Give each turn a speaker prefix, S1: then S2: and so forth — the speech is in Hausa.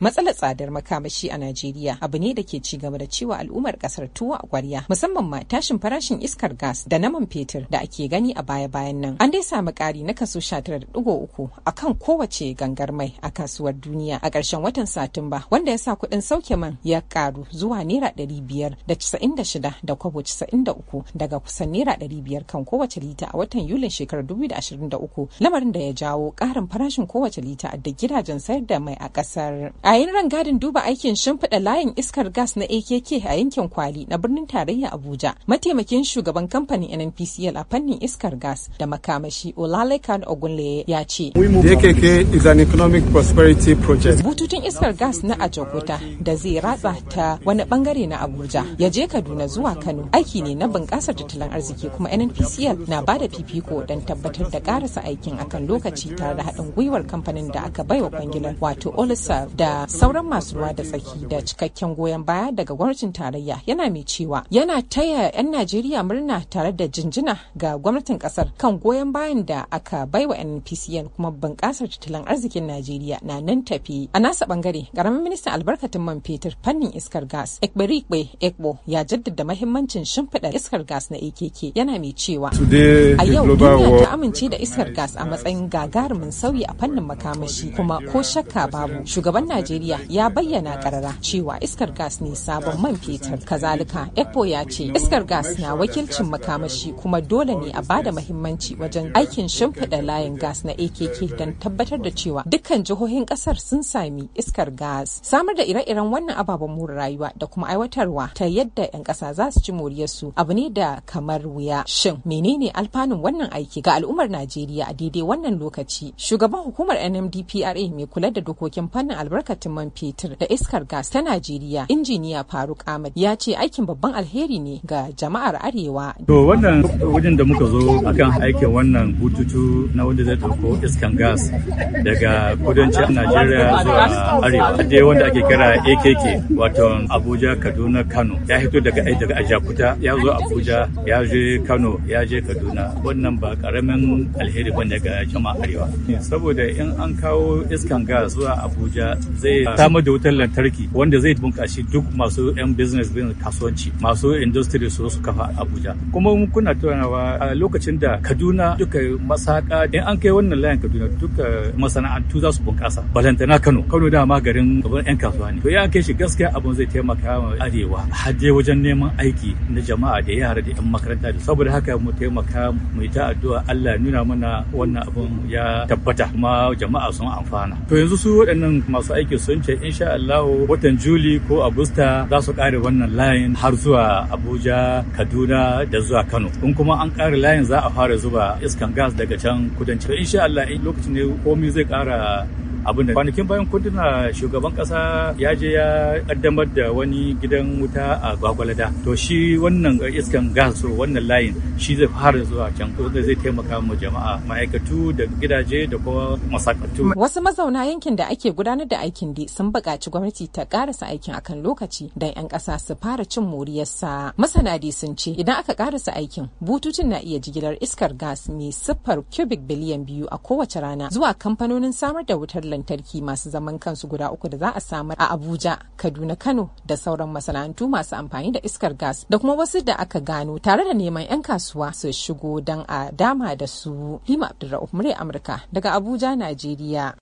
S1: Matsalar tsadar makamashi a Najeriya abu ne da ke ci gaba da cewa al'ummar kasar tuwo a kwarya musamman ma tashin farashin iskar gas da naman fetur da ake gani a baya-bayan nan. An dai samu ƙari na kaso 19.3 a kan kowace gangar mai a kasuwar duniya a ƙarshen watan Satumba wanda ya sa kuɗin sauke man ya ƙaru zuwa naira 596 da kwabo 93 daga kusan naira 500 kan kowace lita a watan Yulin shekarar 2023 lamarin da ya jawo ƙarin farashin kowace lita a da gidajen sayar da mai a ƙasar. a yin rangadin duba aikin shimfiɗa layin iskar gas na akk a yankin kwali na birnin tarayya abuja mataimakin shugaban kamfanin nnpcl a fannin iskar gas da makamashi olalekan ogunleye ya ce akk is an economic prosperity project bututun iskar gas na ajokuta da zai ratsa ta wani bangare na abuja ya je kaduna zuwa kano aiki ne na bunƙasar tattalin arziki kuma nnpcl na ba da fifiko don tabbatar da karasa aikin akan lokaci tare da haɗin gwiwar kamfanin da aka baiwa kwangilar wato olisa da sauran masu ruwa da tsaki da cikakken goyon baya daga gwamnatin tarayya yana mai cewa yana taya 'yan Najeriya murna tare da jinjina ga gwamnatin kasar kan goyon bayan da aka baiwa NPCN kuma bunƙasar tattalin arzikin Najeriya na nan tafi. A nasa bangare, ƙaramin ministan albarkatun man fetur fannin iskar gas, Ekberikbe Ekbo ya jaddada mahimmancin shimfiɗa iskar gas na AKK yana mai cewa. A yau duniya ta amince da iskar gas a matsayin gagarumin sauyi a fannin makamashi kuma ko shakka babu shugaban Najeriya Najeriya ya bayyana karara cewa iskar gas ne sabon man fetur. Kazalika, Ekpo ya ce iskar gas na wakilcin makamashi kuma dole ne a bada mahimmanci wajen aikin shimfiɗa layin gas na AKK don tabbatar da cewa dukkan jihohin ƙasar sun sami iskar gas. Samar da ire-iren wannan ababen more rayuwa da kuma aiwatarwa ta yadda 'yan ƙasa za su ci moriyarsu abu ne da kamar wuya. Shin menene alfanun wannan aiki ga al'ummar Najeriya a daidai wannan lokaci? Shugaban hukumar NMDPRA mai kula da dokokin fannin albarkatun albarkatun man fetur da iskar gas ta Najeriya injiniya Faruk Ahmad ya ce aikin babban alheri ne ga jama'ar Arewa.
S2: To wannan wajen da muka zo akan aikin wannan bututu na wanda zai dauko iskan gas daga kudancin Najeriya zuwa Arewa. Dai wanda ake kira AKK wato Abuja Kaduna Kano ya hito daga daga Ajakuta ya zo Abuja ya je Kano ya je Kaduna wannan ba karamin alheri bane ga jama'a Arewa. Saboda in an kawo iskan gas zuwa Abuja zai samar da wutar lantarki wanda zai bunkashi duk masu 'yan business bin kasuwanci masu industry su su kafa abuja kuma kuna tunawa a lokacin da kaduna duka masaka in an kai wannan layin kaduna duka masana'antu za su bunkasa balantana kano kano ma garin gaban 'yan kasuwa ne to ya kai shi gaskiya abun zai taimaka ma arewa hadde wajen neman aiki na jama'a da yara da 'yan makaranta da saboda haka mu taimaka mu yi ta addu'a Allah nuna mana wannan abun ya tabbata kuma jama'a sun amfana to yanzu su waɗannan masu aiki yake sun ce insha Allah watan Juli ko Agusta za su kare wannan layin har zuwa Abuja, Kaduna da zuwa Kano. In kuma an kare layin za a fara zuba iskan gas daga can kudanci. Insha Allah lokacin ne komai zai kara abin da kwanakin bayan shugaban kasa ya je ya kaddamar da wani gidan wuta a gwagwalada to shi wannan iskan gas wannan layin shi zai fara zuwa can ko zai taimaka mu jama'a ma'aikatu da gidaje da kuma masakatu wasu
S1: mazauna yankin da ake gudanar da aikin di sun buƙaci gwamnati ta karasa aikin akan lokaci don 'yan ƙasa su fara cin moriyarsa masana di sun ce idan aka karasa aikin bututun na iya jigilar iskar gas mai siffar cubic biliyan biyu a kowace rana zuwa kamfanonin samar da wutar lantarki masu zaman kansu guda uku da za a samar a Abuja, Kaduna, Kano da sauran masana'antu masu amfani da iskar gas da kuma wasu da aka gano tare da neman 'yan kasuwa su shigo don a dama da su. Lima Abdulrahman Amurka daga Abuja, Najeriya.